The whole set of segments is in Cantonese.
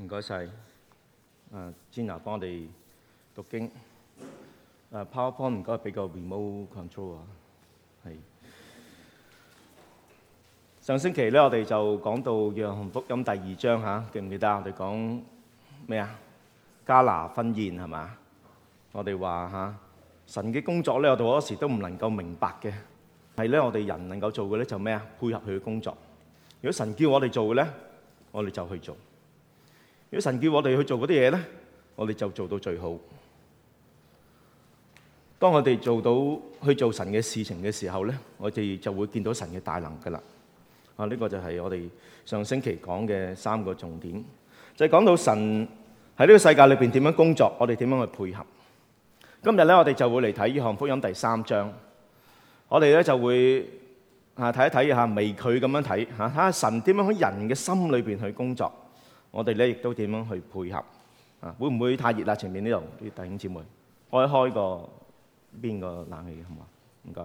唔該曬，誒 Jenna 幫我哋讀經。誒 PowerPoint 唔該俾個 remote control 啊。係上星期咧，我哋就講到《約翰福音》第二章嚇，記唔記得？我哋講咩啊？迦拿婚宴係嘛？我哋話嚇神嘅工作咧，我哋好多時都唔能夠明白嘅，係咧，我哋人能夠做嘅咧就咩啊？配合佢嘅工作。如果神叫我哋做嘅咧，我哋就去做。如果神叫我哋去做嗰啲嘢咧，我哋就做到最好。當我哋做到去做神嘅事情嘅時候咧，我哋就會見到神嘅大能噶啦。啊，呢個就係我哋上星期講嘅三個重點，就係講到神喺呢個世界裏邊點樣工作，我哋點樣去配合。今日咧，我哋就會嚟睇《約翰福音》第三章，我哋咧就會啊睇一睇吓，微距咁樣睇吓，睇下神點樣喺人嘅心裏邊去工作。我哋呢亦都點樣去配合啊？會唔會太熱啦？前面呢度弟兄姊妹，開開個邊個冷氣好嘛？唔該。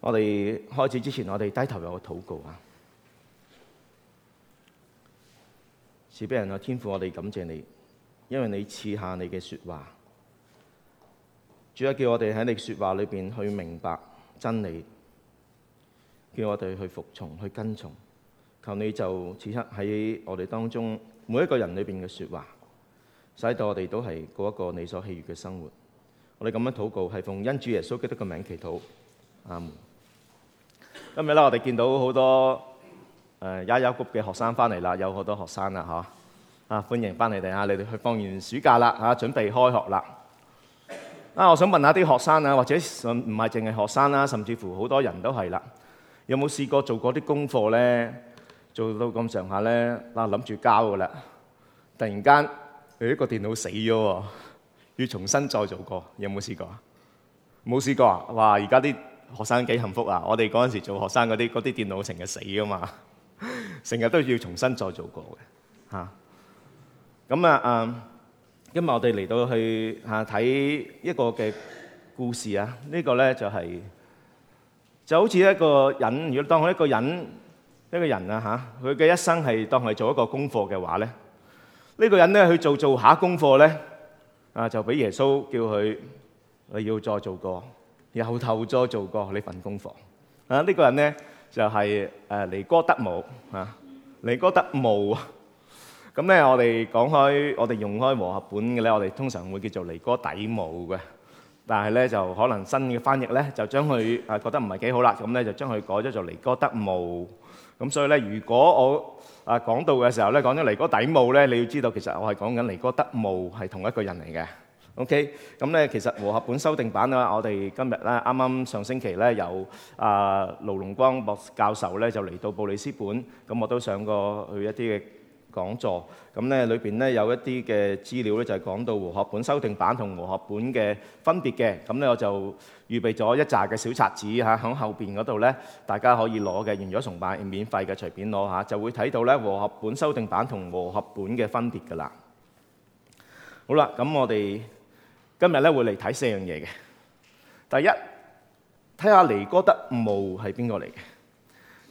我哋開始之前，我哋低頭有個禱告啊！是俾人有天父，我哋感謝你，因為你賜下你嘅説話。主要叫我哋喺你説話裏面去明白真理，叫我哋去服從、去跟從。後你就此刻喺我哋當中每一個人裏邊嘅説話，使到我哋都係過一個你所喜悅嘅生活。我哋咁樣禱告，係奉恩主耶穌基督嘅名祈禱。阿門。今日咧，我哋見到好多誒耶優谷嘅學生翻嚟啦，有好多學生啦，吓、啊，啊！歡迎翻嚟哋啊！你哋去放完暑假啦，嚇、啊，準備開學啦。啊！我想問下啲學生啊，或者唔唔係淨係學生啦，甚至乎好多人都係啦，有冇試過做過啲功課咧？做到咁上下咧，嗱，諗住交噶啦。突然間，誒一個電腦死咗喎，要重新再做過。有冇試過？冇試過啊！哇，而家啲學生幾幸福啊！我哋嗰陣時做學生嗰啲，嗰啲電腦成日死噶嘛，成日都要重新再做過嘅嚇。咁啊，嗯、啊，今日我哋嚟到去嚇睇、啊、一個嘅故事啊。這個、呢個咧就係、是、就好似一個人，如果當佢一個人。呢個人啊，嚇佢嘅一生係當係做一個功課嘅話咧，呢個人咧去做做下功課咧啊，就俾耶穌叫佢要再做過，由頭再做過呢份功課啊。呢個人咧就係誒尼哥德慕啊，尼哥德慕咁咧。我哋講開，我哋用開和合本嘅咧，我哋通常會叫做尼哥底母嘅，但係咧就可能新嘅翻譯咧就將佢啊覺得唔係幾好啦，咁咧就將佢改咗做尼哥德慕。咁所以咧，如果我啊講到嘅時候咧，講咗尼哥底母咧，你要知道其實我係講緊尼哥德慕係同一個人嚟嘅。OK，咁咧其實《和合本》修訂版咧，我哋今日咧啱啱上星期咧有啊盧龍光博士教授咧就嚟到布里斯本，咁我都上過去一啲嘅講座咁咧，裏邊咧有一啲嘅資料咧，就係講到和合本修訂版同和，和合本嘅分別嘅。咁咧，我就預備咗一紮嘅小冊子嚇，響後邊嗰度咧，大家可以攞嘅，完咗崇拜免費嘅，隨便攞下，就會睇到咧和合本修訂版同和，和合本嘅分別噶啦。好啦，咁我哋今日咧會嚟睇四樣嘢嘅。第一，睇下尼哥德慕係邊個嚟嘅。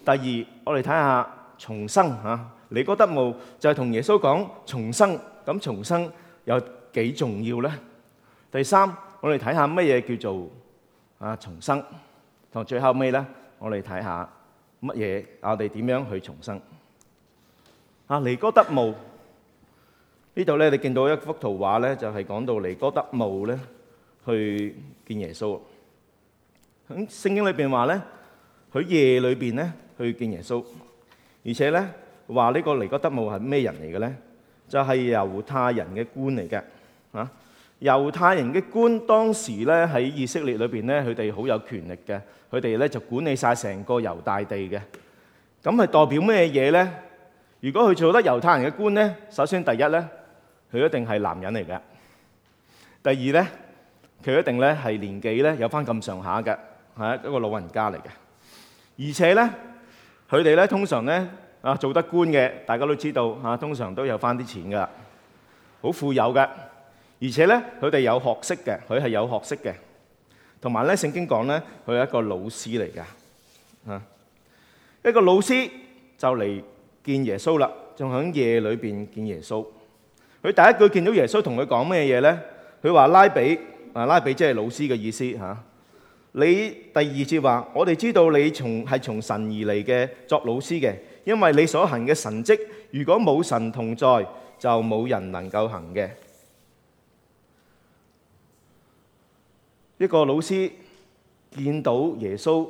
第二，我哋睇下重生嚇。尼哥德慕就係同耶穌講重生，咁重生有幾重要咧？第三，我哋睇下乜嘢叫做啊重生，同最後尾咧，我哋睇下乜嘢我哋點樣去重生。啊，尼哥德慕呢度咧，你見到一幅圖畫咧，就係講到尼哥德慕咧去見耶穌。喺聖經裏邊話咧，佢夜裏邊咧去見耶穌，而且咧。話呢個尼哥德慕係咩人嚟嘅咧？就係、是、猶太人嘅官嚟嘅啊！猶太人嘅官當時咧喺以色列裏邊咧，佢哋好有權力嘅，佢哋咧就管理晒成個猶大地嘅。咁係代表咩嘢咧？如果佢做得猶太人嘅官咧，首先第一咧，佢一定係男人嚟嘅；第二咧，佢一定咧係年紀咧有翻咁上下嘅，係、啊、一個老人家嚟嘅。而且咧，佢哋咧通常咧。啊，做得官嘅，大家都知道，啊，通常都有返啲錢㗎，好富有㗎，而且呢佢哋有學識嘅，佢係有學識嘅，同埋呢聖經講呢佢係一個老師嚟㗎，啊，一個老師就嚟見耶穌啦，仲喺夜裏邊見耶穌，佢第一句見到耶穌同佢講咩嘢呢？佢話拉比，啊拉比即係老師嘅意思吓。你第二次話，我哋知道你從係從神而嚟嘅作老師嘅，因為你所行嘅神蹟，如果冇神同在，就冇人能夠行嘅。 一個老師見到耶穌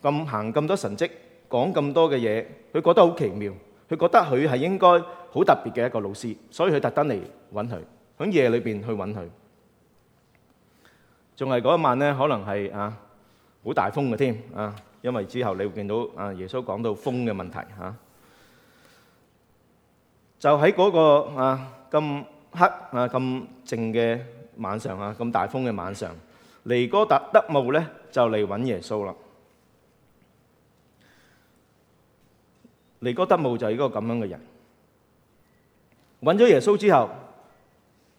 咁行咁多神蹟，講咁多嘅嘢，佢覺得好奇妙，佢覺得佢係應該好特別嘅一個老師，所以佢特登嚟揾佢，喺夜裏面去揾佢。仲係嗰一晚咧，可能係啊好大風嘅添啊，因為之後你會見到啊耶穌講到風嘅問題嚇，就喺嗰個啊咁黑啊咁靜嘅晚上啊，咁大風嘅晚上，尼哥德慕咧就嚟揾耶穌啦。尼哥德慕就係一個咁樣嘅人，揾咗耶穌之後，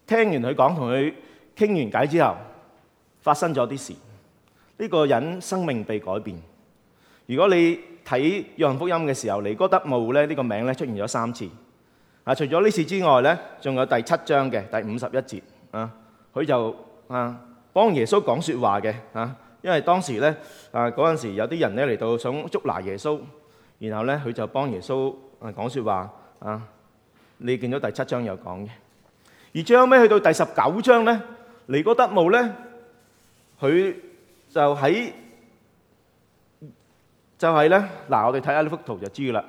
聽完佢講，同佢傾完偈之後。發生咗啲事，呢個人生命被改變。如果你睇《約翰福音》嘅時候，尼哥德慕咧呢個名咧出現咗三次啊。除咗呢次之外咧，仲有第七章嘅第五十一節啊，佢就啊幫耶穌講說話嘅啊。因為當時咧啊嗰陣時有啲人咧嚟到想捉拿耶穌，然後咧佢就幫耶穌啊講說話啊。你見到第七章有講嘅，而最後尾去到第十九章咧，尼哥德慕咧。佢就喺就係咧，嗱，我哋睇下呢幅圖就知噶啦。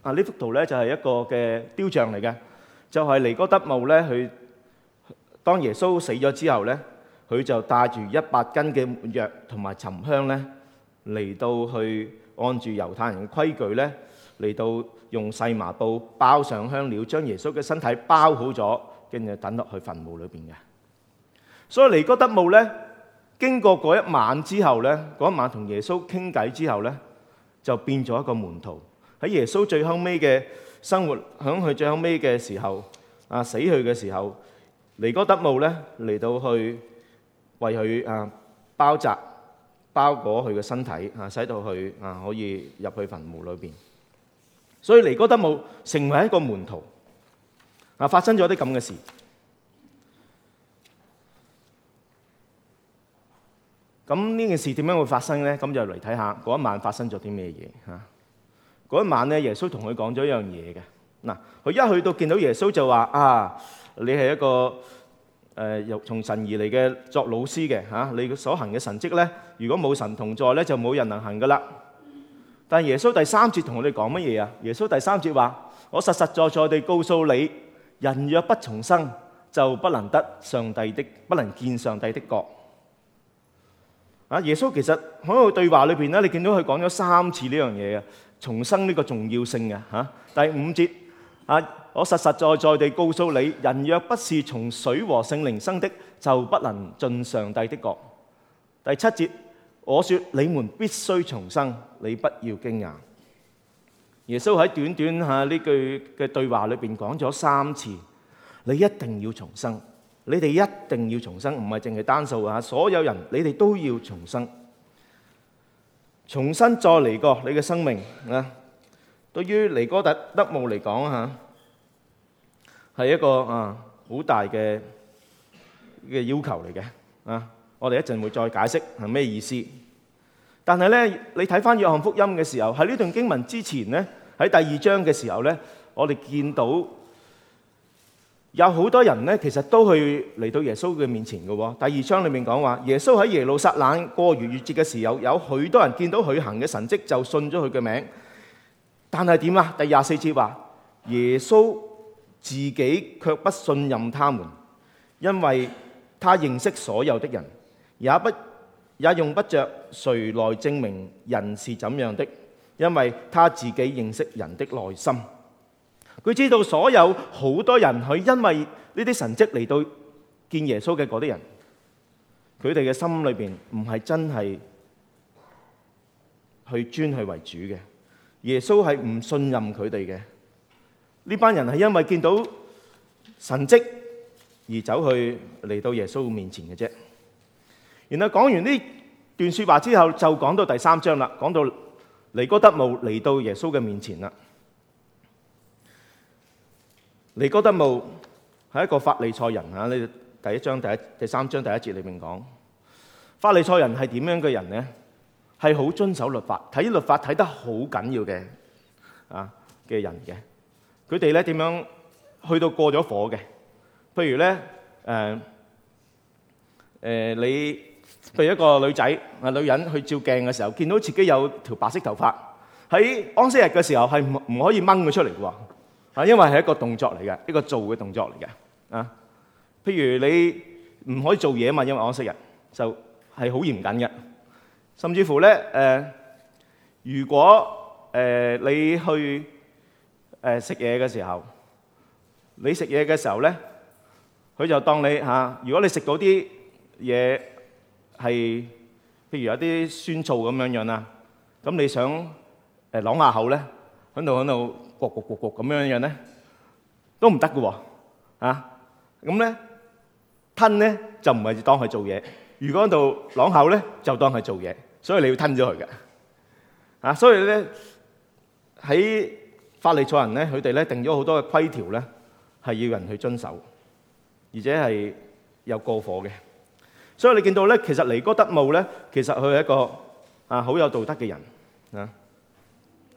啊，呢幅圖咧就係一個嘅雕像嚟嘅，就係尼哥德慕咧佢當耶穌死咗之後咧，佢就帶住一百斤嘅藥同埋沉香咧嚟到去按住猶太人嘅規矩咧嚟到用細麻布包上香料，將耶穌嘅身體包好咗，跟住抌落去墳墓裏邊嘅。所以尼哥德慕咧。經過嗰一晚之後呢，嗰一晚同耶穌傾偈之後呢，就變咗一個門徒。喺耶穌最後尾嘅生活，響佢最後尾嘅時候，啊死去嘅時候，尼哥德慕呢，嚟到去為佢啊包紮、包裹佢嘅身體，啊使到佢啊可以入去墳墓裏邊。所以尼哥德慕成為一個門徒。啊，發生咗啲咁嘅事。咁呢件事點樣會發生咧？咁就嚟睇下嗰一晚發生咗啲咩嘢嚇。嗰一晚咧，耶穌同佢講咗一樣嘢嘅。嗱，佢一去到見到耶穌就話：啊，你係一個誒由從神而嚟嘅作老師嘅嚇。你所行嘅神蹟咧，如果冇神同在咧，就冇人能行㗎喇。但係耶穌第三節同我哋講乜嘢啊？耶穌第三節話：我實實在在地告訴你，人若不重生，就不能得上帝的，不能見上帝的國。啊！耶穌其實喺個對話裏邊咧，你見到佢講咗三次呢樣嘢，嘅重生呢個重要性嘅嚇。第五節啊，我實實在在地告訴你，人若不是從水和聖靈生的，就不能進上帝的國。第七節，我說你們必須重生，你不要驚訝。耶穌喺短短嚇呢句嘅對話裏邊講咗三次，你一定要重生。你哋一定要重生，唔係淨係單數啊！所有人，你哋都要重生，重新再嚟過你嘅生命啊！對於尼哥德慕嚟講吓，係一個啊好大嘅嘅要求嚟嘅啊！我哋一陣會再解釋係咩意思。但係咧，你睇翻約翰福音嘅時候，喺呢段經文之前咧，喺第二章嘅時候咧，我哋見到。有好多人咧，其實都去嚟到耶穌嘅面前嘅。第二章裏面講話，耶穌喺耶路撒冷過逾越節嘅時候，有許多人見到佢行嘅神蹟，就信咗佢嘅名。但係點啊？第二十四節話，耶穌自己卻不信任他們，因為他認識所有的人，也不也用不著誰來證明人是怎樣的，因為他自己認識人的內心。佢知道所有好多人，佢因為呢啲神蹟嚟到見耶穌嘅嗰啲人，佢哋嘅心裏邊唔係真係去尊佢為主嘅。耶穌係唔信任佢哋嘅。呢班人係因為見到神蹟而走去嚟到耶穌面前嘅啫。然後講完呢段說話之後，就講到第三章啦，講到尼哥德慕嚟到耶穌嘅面前啦。尼哥德慕係一個法利賽人嚇，呢第一章第一第三章第一節裏面講，法利賽人係點樣嘅人咧？係好遵守律法，睇律法睇得好緊要嘅啊嘅人嘅，佢哋咧點樣去到過咗火嘅？譬如咧誒誒，你譬如一個女仔啊女人去照鏡嘅時候，見到自己有條白色頭髮，喺安息日嘅時候係唔唔可以掹佢出嚟嘅喎。啊，因為係一個動作嚟嘅，一個做嘅動作嚟嘅。啊，譬如你唔可以做嘢啊嘛，因為我識人就係好嚴謹嘅。甚至乎咧，誒，如果誒你去誒食嘢嘅時候，你食嘢嘅時候咧，佢就當你嚇。如果你食到啲嘢係，譬如有啲酸醋咁樣樣啦，咁你想誒啷下口咧，喺度喺度。焗焗焗焗咁樣樣咧，都唔得噶喎啊！咁咧吞咧就唔係當佢做嘢，如果喺度往後咧就當佢做嘢，所以你要吞咗佢嘅啊！所以咧喺法利賽人咧，佢哋咧定咗好多嘅規條咧，係要人去遵守，而且係有過火嘅。所以你見到咧，其實尼哥底母咧，其實佢係一個啊好有道德嘅人啊。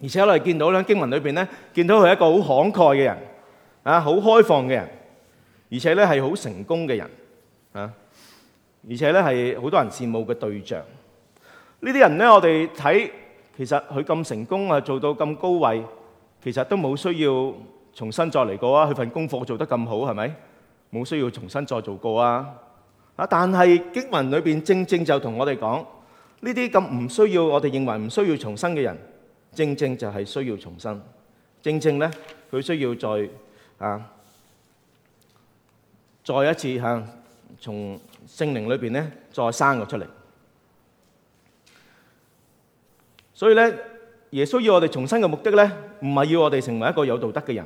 而且我哋見到咧經文裏邊咧，見到佢係一個好慷慨嘅人，啊，好開放嘅人，而且咧係好成功嘅人，啊，而且咧係好多人羨慕嘅對象。呢啲人咧，我哋睇其實佢咁成功啊，做到咁高位，其實都冇需要重新再嚟過啊！佢份功課做得咁好，係咪冇需要重新再做過啊？啊，但係經文裏邊正正就同我哋講，呢啲咁唔需要我哋認為唔需要重生嘅人。正正就係需要重生，正正咧佢需要再啊再一次啊從聖靈裏邊咧再生個出嚟。所以咧，耶穌要我哋重生嘅目的咧，唔係要我哋成為一個有道德嘅人，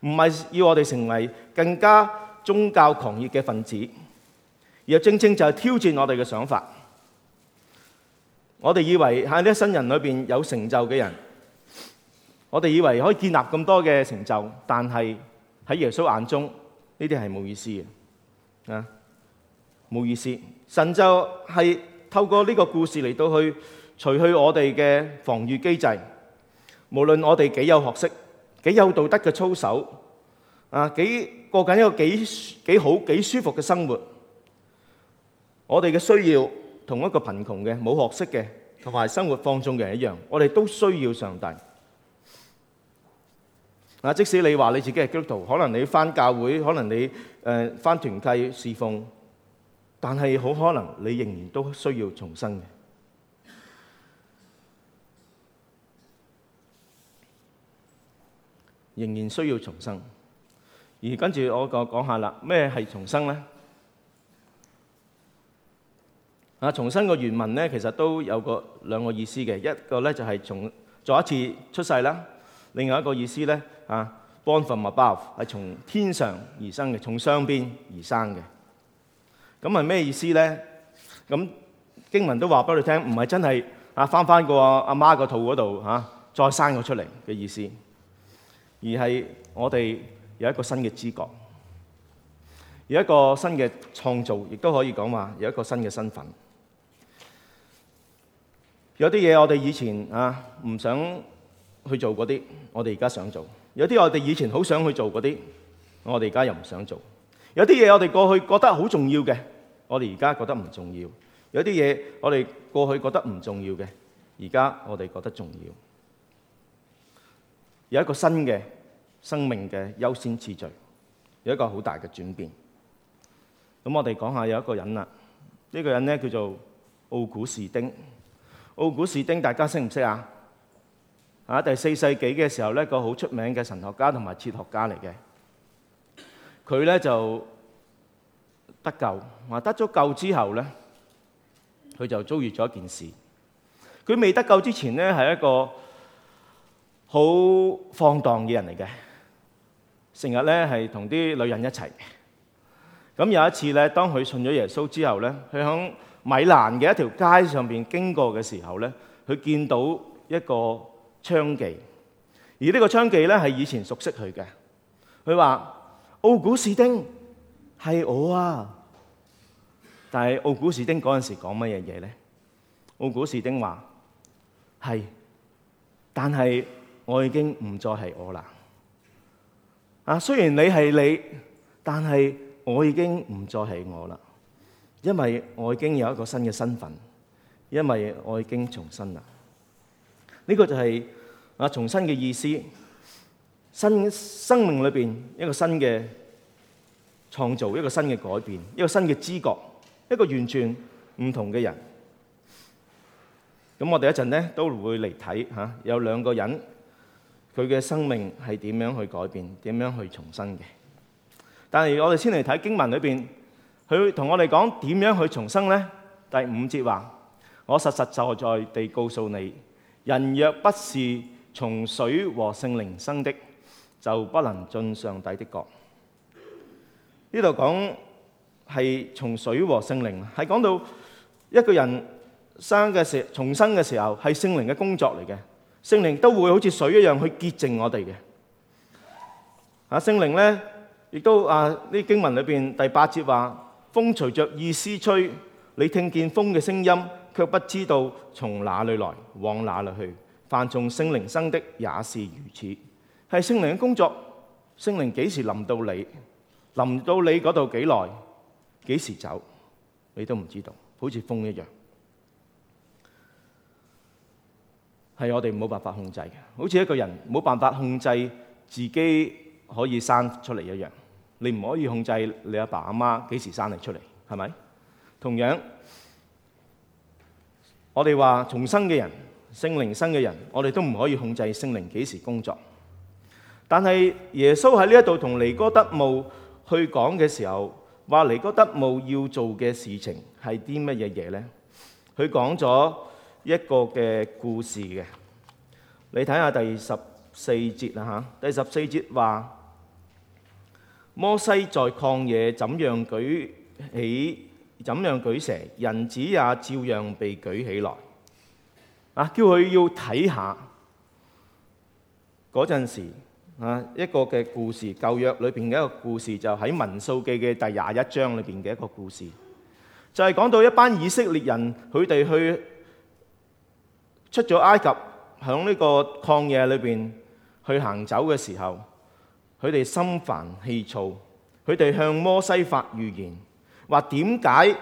唔係要我哋成為更加宗教狂熱嘅分子，而係正正就係挑戰我哋嘅想法。我哋以為喺呢一生人裏邊有成就嘅人，我哋以為可以建立咁多嘅成就，但係喺耶穌眼中呢啲係冇意思嘅，啊冇意思。神就係透過呢個故事嚟到去除去我哋嘅防禦機制，無論我哋幾有學識、幾有道德嘅操守，啊幾過緊一個幾幾好幾舒服嘅生活，我哋嘅需要。同一個貧窮嘅、冇學識嘅，同埋生活放縱嘅人一樣，我哋都需要上帝。嗱，即使你話你自己係基督徒，可能你返教會，可能你呃返團契侍奉，但係好可能你仍然都需要重生嘅，仍然需要重生。而跟住我講講下啦，咩係重生呢？啊，重新個原文咧，其實都有個兩個意思嘅。一個咧就係從再一次出世啦，另外一,一個意思咧，啊，born from above 係從天上而生嘅，從上邊而生嘅。咁係咩意思咧？咁經文都話俾你聽，唔係真係啊翻翻個阿媽個肚嗰度嚇再生咗出嚟嘅意思，而係我哋有一個新嘅知覺，有一個新嘅創造，亦都可以講話有一個新嘅身份。有啲嘢我哋以前啊唔想去做嗰啲，我哋而家想做；有啲我哋以前好想去做嗰啲，我哋而家又唔想做；有啲嘢我哋過去覺得好重要嘅，我哋而家覺得唔重要；有啲嘢我哋過去覺得唔重要嘅，而家我哋覺得重要。有一個新嘅生命嘅優先次序，有一個好大嘅轉變。咁我哋講下有一個人啦，呢個人咧叫做奧古士丁。奧古士丁，大家識唔識啊？啊，第四世紀嘅時候咧，個好出名嘅神學家同埋哲學家嚟嘅。佢咧就得救，話得咗救之後咧，佢就遭遇咗一件事。佢未得救之前咧，係一個好放蕩嘅人嚟嘅，成日咧係同啲女人一齊。咁有一次咧，當佢信咗耶穌之後咧，佢響米蘭嘅一條街上邊經過嘅時候咧，佢見到一個娼妓，而呢個娼妓咧係以前熟悉佢嘅。佢話：奧古士丁係我啊！但係奧古士丁嗰陣時講乜嘢嘢咧？奧古士丁話：係，但係我已經唔再係我啦。啊，雖然你係你，但係我已經唔再係我啦。因為我已經有一個新嘅身份，因為我已經重生啦。呢個就係啊重生嘅意思，新生命裏面，一個新嘅創造，一個新嘅改變，一個新嘅知覺，一個完全唔同嘅人。咁我哋一陣呢，都會嚟睇嚇，有兩個人佢嘅生命係點樣去改變、點樣去重生嘅。但係我哋先嚟睇經文裏面。佢同我哋講點樣去重生呢？第五節話：我實實在在地告訴你，人若不是從水和聖靈生的，就不能進上帝的國。呢度講係從水和聖靈，係講到一個人生嘅時重生嘅時候，係聖靈嘅工作嚟嘅。聖靈都會好似水一樣去潔淨我哋嘅。啊，聖靈呢，亦都啊，呢經文裏面第八節話。風隨着意思吹，你聽見風嘅聲音，卻不知道從哪裡來，往哪裡去。凡從聖靈生的也是如此，係聖靈嘅工作。聖靈幾時臨到你，臨到你嗰度幾耐，幾時走，你都唔知道，好似風一樣，係我哋冇辦法控制嘅。好似一個人冇辦法控制自己可以生出嚟一樣。你唔可以控制你阿爸阿媽幾時生你出嚟，係咪？同樣，我哋話重生嘅人、聖靈生嘅人，我哋都唔可以控制聖靈幾時工作。但係耶穌喺呢一度同尼哥德慕去講嘅時候，話尼哥德慕要做嘅事情係啲乜嘢嘢呢？佢講咗一個嘅故事嘅，你睇下第十四節啊吓，第十四節話。摩西在曠野怎樣舉起，怎樣舉蛇，人子也照樣被舉起來。啊，叫佢要睇下嗰陣時啊，一個嘅故事，舊約裏邊嘅一個故事，就喺民數記嘅第廿一章裏邊嘅一個故事，就係講到一班以色列人佢哋去出咗埃及，響呢個曠野裏邊去行走嘅時候。佢哋心煩氣躁，佢哋向摩西發怨言，話點解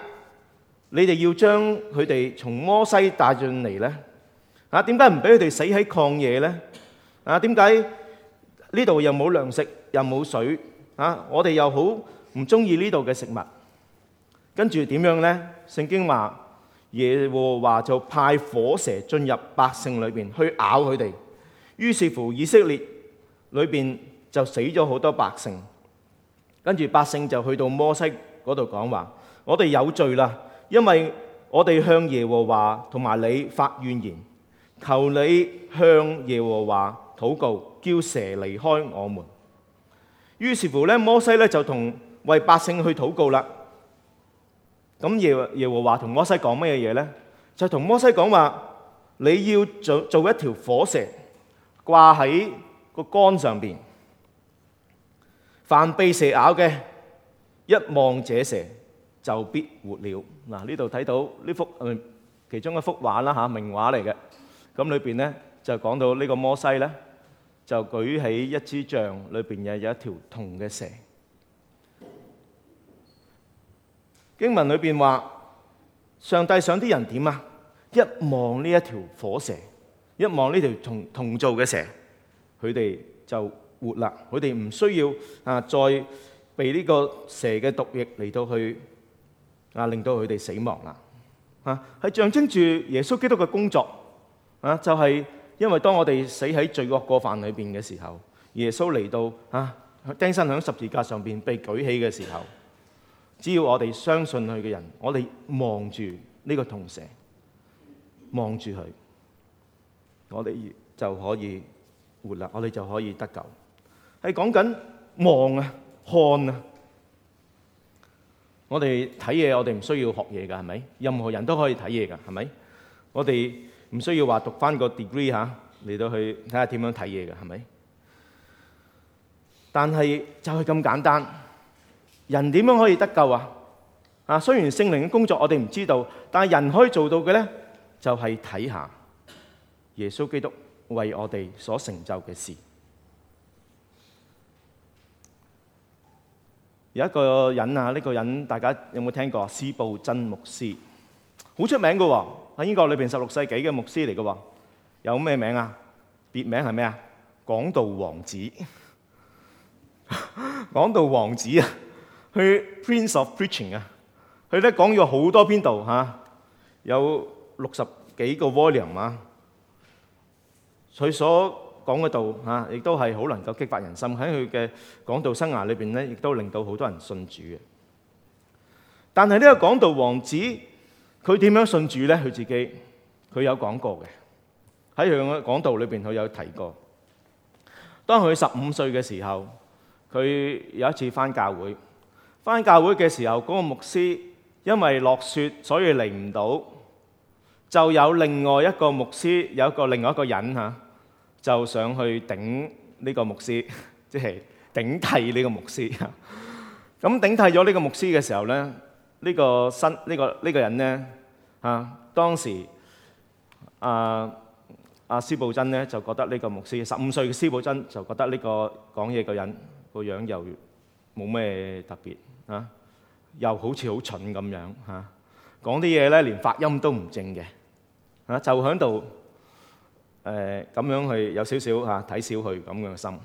你哋要將佢哋從摩西帶進嚟呢？啊，點解唔俾佢哋死喺曠野呢？啊，點解呢度又冇糧食，又冇水？啊，我哋又好唔中意呢度嘅食物。跟住點樣呢？聖經話耶和華就派火蛇進入百姓裏邊去咬佢哋，於是乎以色列裏邊。就死咗好多百姓，跟住百姓就去到摩西嗰度講話：我哋有罪啦，因為我哋向耶和華同埋你發怨言，求你向耶和華禱告，叫蛇離開我們。於是乎咧，摩西咧就同為百姓去禱告啦。咁耶耶和華同摩西講乜嘢嘢咧？就同摩西講話，你要做做一條火蛇掛喺個竿上邊。凡被蛇咬嘅，一望這蛇就必活了。嗱，呢度睇到呢幅誒其中一幅畫啦嚇，名畫嚟嘅。咁裏邊咧就講到呢個摩西咧，就舉起一支杖，裏邊又有一條銅嘅蛇。經文裏邊話，上帝想啲人點啊？一望呢一條火蛇，一望呢條銅銅造嘅蛇，佢哋就。活啦！佢哋唔需要啊，再被呢個蛇嘅毒液嚟到去啊，令到佢哋死亡啦！嚇、啊，係象徵住耶穌基督嘅工作啊！就係、是、因為當我哋死喺罪惡過犯裏邊嘅時候，耶穌嚟到啊，釘身喺十字架上邊被舉起嘅時候，只要我哋相信佢嘅人，我哋望住呢個銅蛇，望住佢，我哋就可以活啦！我哋就可以得救。係講緊望啊、看啊！我哋睇嘢，我哋唔需要學嘢㗎，係咪？任何人都可以睇嘢㗎，係咪？我哋唔需要話讀翻個 degree 吓、啊，嚟到去睇下點樣睇嘢㗎，係咪？但係就係咁簡單，人點樣可以得救啊？啊，雖然聖靈嘅工作我哋唔知道，但係人可以做到嘅咧，就係睇下耶穌基督為我哋所成就嘅事。有一個人啊，呢、這個人大家有冇聽過？斯布真牧師，好出名嘅喎。喺英國裏邊，十六世紀嘅牧師嚟嘅喎。有咩名啊？別名係咩啊？講道王子，講 道王子啊，佢 Prince of Preaching 啊，佢咧講咗好多篇道嚇、啊，有六十幾個 volume 啊。佢所講嘅道亦都係好能夠激發人心。喺佢嘅講道生涯裏邊咧，亦都令到好多人信主嘅。但係呢個講道王子，佢點樣信主呢？佢自己佢有講過嘅，喺佢嘅講道裏邊佢有提過。當佢十五歲嘅時候，佢有一次翻教會，翻教會嘅時候，嗰個牧師因為落雪，所以嚟唔到，就有另外一個牧師，有一個另外一個人吓。就上去頂呢個牧師，即係頂替呢個牧師。咁頂替咗呢個牧師嘅時候咧，呢個新呢個呢個人咧嚇，當時啊啊，司布真咧就覺得呢個牧師，十五歲嘅司布真就覺得呢個講嘢嘅人個樣又冇咩特別嚇，又好似好蠢咁樣嚇，講啲嘢咧連發音都唔正嘅嚇，就喺度。誒咁、呃、樣去有少少嚇睇少佢咁樣嘅心。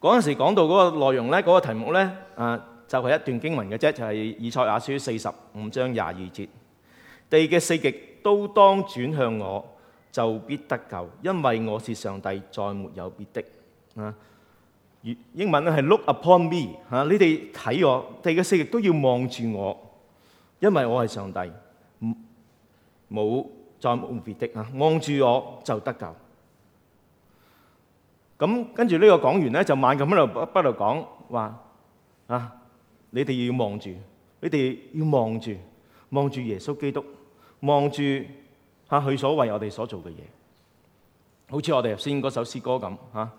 嗰陣時講到嗰個內容咧，嗰、那個題目咧啊，就係、是、一段經文嘅啫，就係、是、以賽亞書四十五章廿二節。地嘅四極都當轉向我，就必得救，因為我是上帝，再沒有別的。啊，英文咧係 look upon me。嚇、啊、你哋睇我，地嘅四極都要望住我，因為我係上帝，冇。再沒別的嚇，望住我就得救。咁跟住呢個講完咧，就猛咁喺度，喺度講話啊！你哋要望住，你哋要望住，望住耶穌基督，望住嚇佢所為我哋所做嘅嘢。好似我哋頭先嗰首詩歌咁嚇，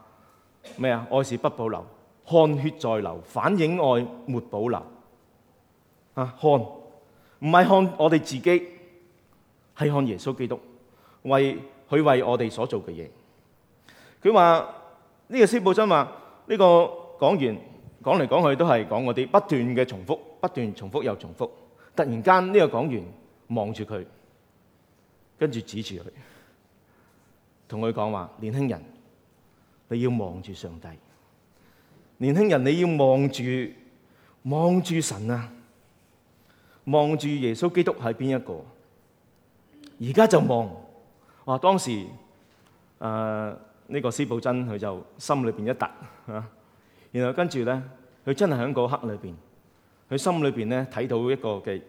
咩啊？愛是不保留，汗血在流，反映愛沒保留。嚇、啊，看唔係看我哋自己，係看耶穌基督為佢為我哋所做嘅嘢。佢話呢個司布真話，呢個講員講嚟，講去都係講嗰啲不斷嘅重複，不斷重複又重複。突然間呢個講員望住佢，跟住指住佢，同佢講話：年輕人，你要望住上帝。年輕人，你要望住，望住神啊！望住耶穌基督係邊一個？而家就望，哇！當時，誒、呃、呢、這個施寶珍佢就心裏邊一突嚇、啊，然後跟住咧，佢真係喺個黑裏邊，佢心裏邊咧睇到一個嘅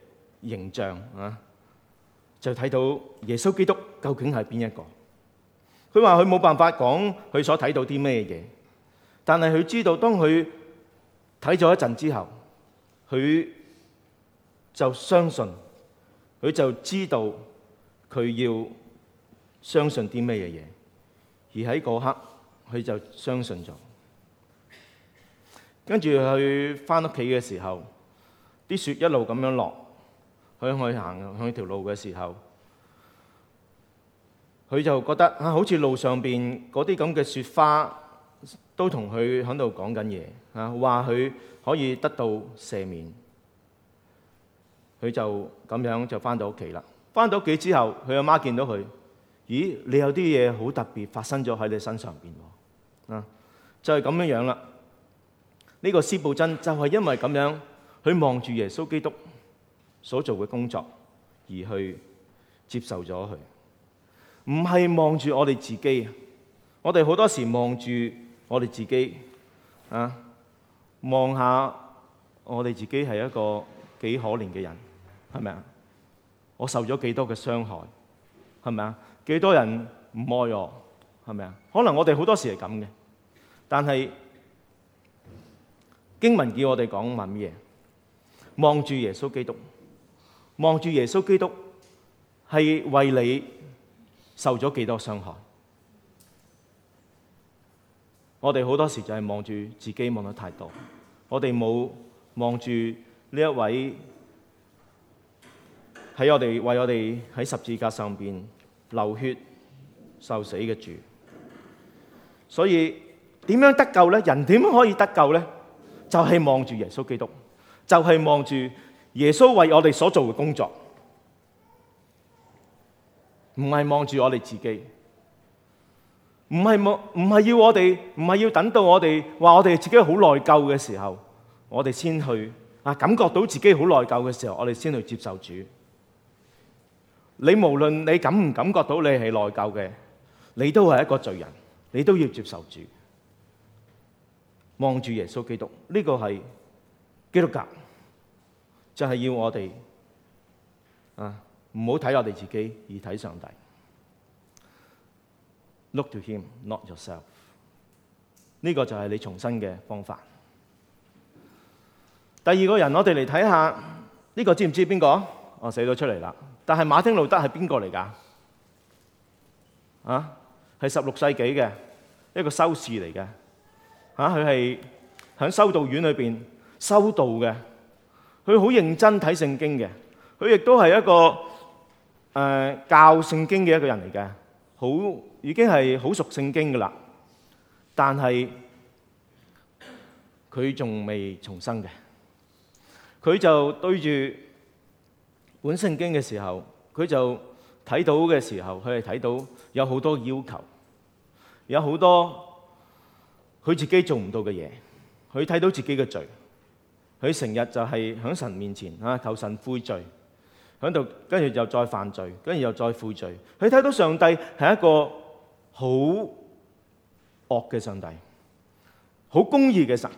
形象嚇、啊，就睇到耶穌基督究竟係邊一個？佢話佢冇辦法講佢所睇到啲咩嘢，但係佢知道當佢睇咗一陣之後，佢就相信，佢就知道。佢要相信啲咩嘢嘢，而喺嗰刻佢就相信咗。跟住佢翻屋企嘅時候，啲雪一路咁樣落，佢去行去條路嘅時候，佢就覺得啊，好似路上邊嗰啲咁嘅雪花都同佢喺度講緊嘢啊，話佢可以得到赦免。佢就咁樣就翻到屋企啦。翻到屋企之後，佢阿媽見到佢，咦？你有啲嘢好特別發生咗喺你身上邊喎，啊！就係咁樣樣啦。呢個斯布鎮就係因為咁樣，佢望住耶穌基督所做嘅工作而去接受咗佢，唔係望住我哋自己。我哋好多時望住我哋自己，啊，望下我哋自己係一個幾可憐嘅人，係咪啊？我受咗幾多嘅傷害，係咪啊？幾多人唔愛我，係咪啊？可能我哋好多時係咁嘅，但係經文叫我哋講乜嘢？望住耶穌基督，望住耶穌基督係為你受咗幾多傷害？我哋好多時就係望住自己，望得太多，我哋冇望住呢一位。喺我哋為我哋喺十字架上邊流血受死嘅主，所以點樣得救咧？人點樣可以得救咧？就係望住耶穌基督，就係望住耶穌為我哋所做嘅工作，唔係望住我哋自己，唔係望唔係要我哋唔係要等到我哋話我哋自己好內疚嘅時候，我哋先去啊，感覺到自己好內疚嘅時候，我哋先去接受主。你無論你感唔感覺到你係內疚嘅，你都係一個罪人，你都要接受主。望住耶穌基督。呢個係基督教，就係要我哋啊唔好睇我哋自己而睇上帝。Look to him, not yourself。呢個就係你重生嘅方法。第二個人，我哋嚟睇下呢個知唔知邊個？我寫咗出嚟啦。但係馬丁路德係邊個嚟㗎？啊，係十六世紀嘅一個修士嚟嘅。啊，佢係喺修道院裏邊修道嘅。佢好認真睇聖經嘅。佢亦都係一個誒、呃、教聖經嘅一個人嚟嘅。好，已經係好熟聖經㗎啦。但係佢仲未重生嘅。佢就對住。本聖經嘅時候，佢就睇到嘅時候，佢係睇到有好多要求，有好多佢自己做唔到嘅嘢，佢睇到自己嘅罪，佢成日就係響神面前啊求神悔罪，響度跟住又再犯罪，跟住又再悔罪。佢睇到上帝係一個好惡嘅上帝，好公義嘅神，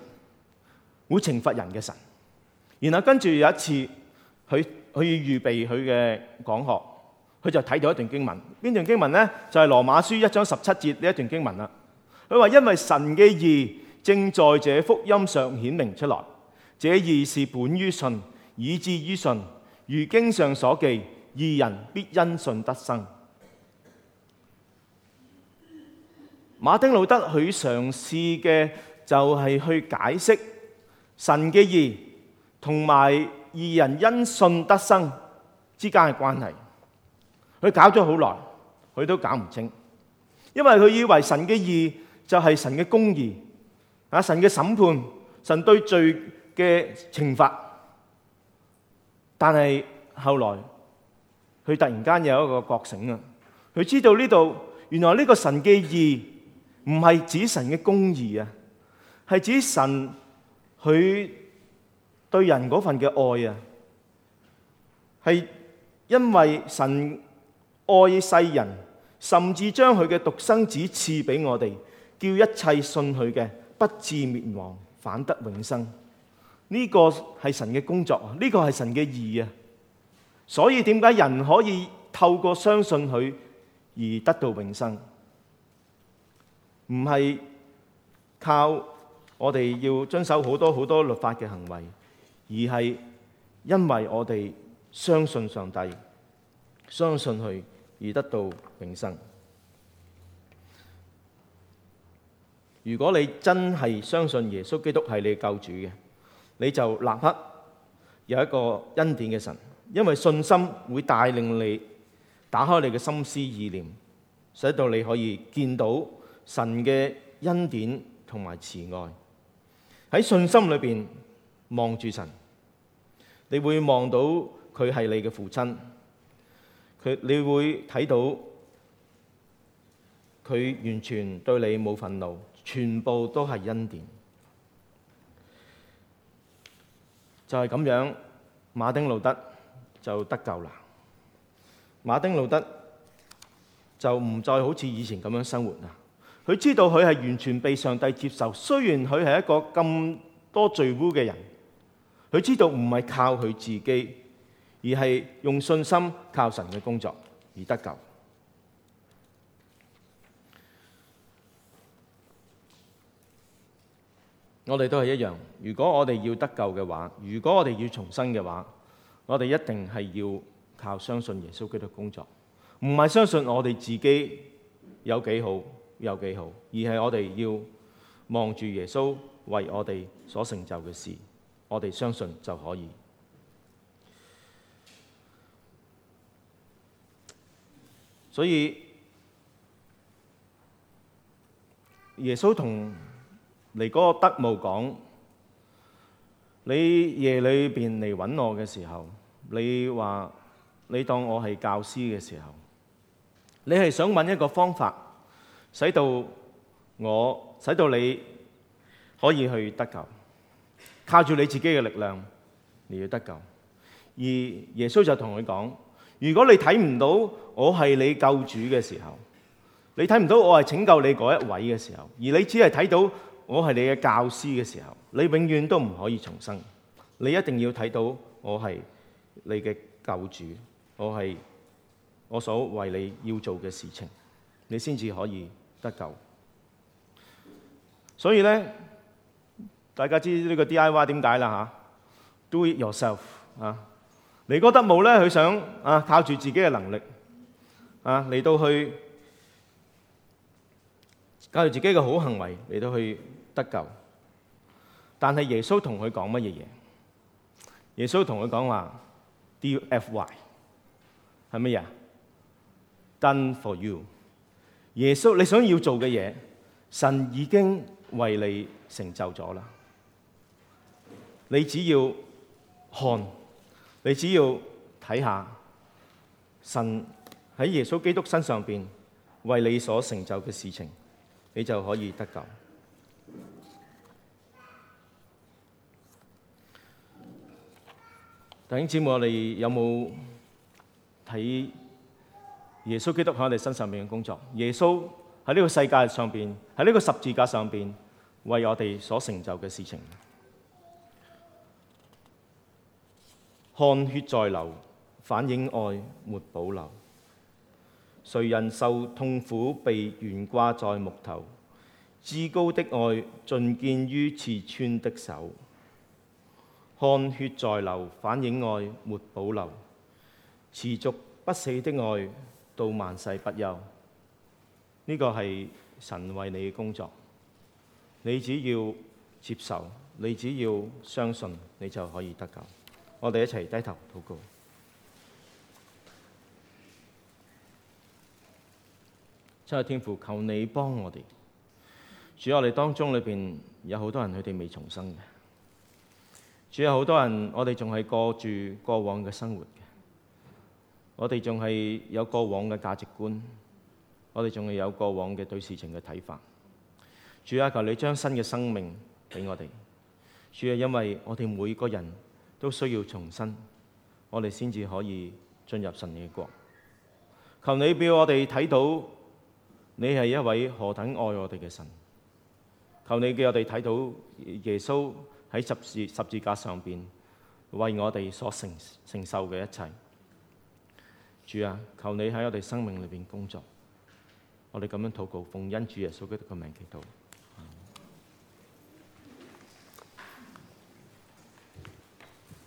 會懲罰人嘅神。然後跟住有一次佢。他佢要預備佢嘅講學，佢就睇到一段經文。邊段經文呢？就係羅馬書一章十七節呢一段經文啦。佢話：因為神嘅義正在這福音上顯明出來，這義是本於信，以致於信。如經上所記，義人必因信得生。馬丁路德佢嘗試嘅就係去解釋神嘅義，同埋二人因信得生之間嘅關係，佢搞咗好耐，佢都搞唔清，因為佢以為神嘅義就係神嘅公義啊，神嘅審判，神對罪嘅懲罰。但係後來佢突然間有一個覺醒啊，佢知道呢度原來呢個神嘅義唔係指神嘅公義啊，係指神佢對人嗰份嘅愛啊，係因為神愛世人，甚至將佢嘅獨生子賜俾我哋，叫一切信佢嘅不至滅亡，反得永生。呢、這個係神嘅工作，呢、這個係神嘅義啊。所以點解人可以透過相信佢而得到永生，唔係靠我哋要遵守好多好多律法嘅行為。而係因為我哋相信上帝，相信佢而得到永生。如果你真係相信耶穌基督係你嘅救主嘅，你就立刻有一個恩典嘅神，因為信心會帶領你打開你嘅心思意念，使到你可以見到神嘅恩典同埋慈愛喺信心裏面。望住神，你會望到佢係你嘅父親，佢你會睇到佢完全對你冇憤怒，全部都係恩典。就係咁樣，馬丁路德就得救啦。馬丁路德就唔再好似以前咁樣生活啦。佢知道佢係完全被上帝接受，雖然佢係一個咁多罪污嘅人。佢知道唔係靠佢自己，而係用信心靠神嘅工作而得救。我哋都係一樣。如果我哋要得救嘅話，如果我哋要重生嘅話，我哋一定係要靠相信耶穌基督工作，唔係相信我哋自己有幾好有幾好，而係我哋要望住耶穌為我哋所成就嘅事。我哋相信就可以。所以耶穌同尼哥德慕講：你夜裏面嚟揾我嘅時候，你話你當我係教師嘅時候，你係想揾一個方法，使到我使到你可以去得救。靠住你自己嘅力量，你要得救。而耶穌就同佢講，如果你睇唔到我係你救主嘅時候，你睇唔到我係拯救你嗰一位嘅時候，而你只係睇到我係你嘅教師嘅時候，你永遠都唔可以重生。你一定要睇到我係你嘅救主，我係我所為你要做嘅事情，你先至可以得救。所以咧。大家知呢個 DIY 點解啦嚇？Do it yourself 啊！尼哥德慕咧，佢想啊，靠住自己嘅能力啊嚟到去教住自己嘅好行為嚟到去得救。但係耶穌同佢講乜嘢嘢？耶穌同佢講話 D.F.Y 係乜嘢？Done for you。耶穌你想要做嘅嘢，神已經為你成就咗啦。你只要看，你只要睇下神喺耶穌基督身上邊為你所成就嘅事情，你就可以得救。弟兄姊妹，我哋有冇睇耶穌基督喺我哋身上邊嘅工作？耶穌喺呢個世界上邊，喺呢個十字架上邊為我哋所成就嘅事情。汗血在流，反映愛沒保留。誰人受痛苦被懸掛在木頭？至高的愛盡見於刺穿的手。汗血在流，反映愛沒保留。持續不死的愛到萬世不休。呢、這個係神為你嘅工作，你只要接受，你只要相信，你就可以得救。我哋一齊低頭禱告，親愛天父，求你幫我哋。主，我哋當中裏邊有好多人，佢哋未重生嘅。主，有好多人，我哋仲係過住過往嘅生活嘅，我哋仲係有過往嘅價值觀，我哋仲係有過往嘅對事情嘅睇法。主啊，求你將新嘅生命俾我哋。主啊，因為我哋每個人，都需要重生，我哋先至可以進入神嘅國。求你俾我哋睇到，你係一位何等愛我哋嘅神。求你俾我哋睇到耶穌喺十字十字架上邊，為我哋所承承受嘅一切。主啊，求你喺我哋生命裏邊工作。我哋咁樣禱告，奉恩主耶穌基督嘅名祈禱。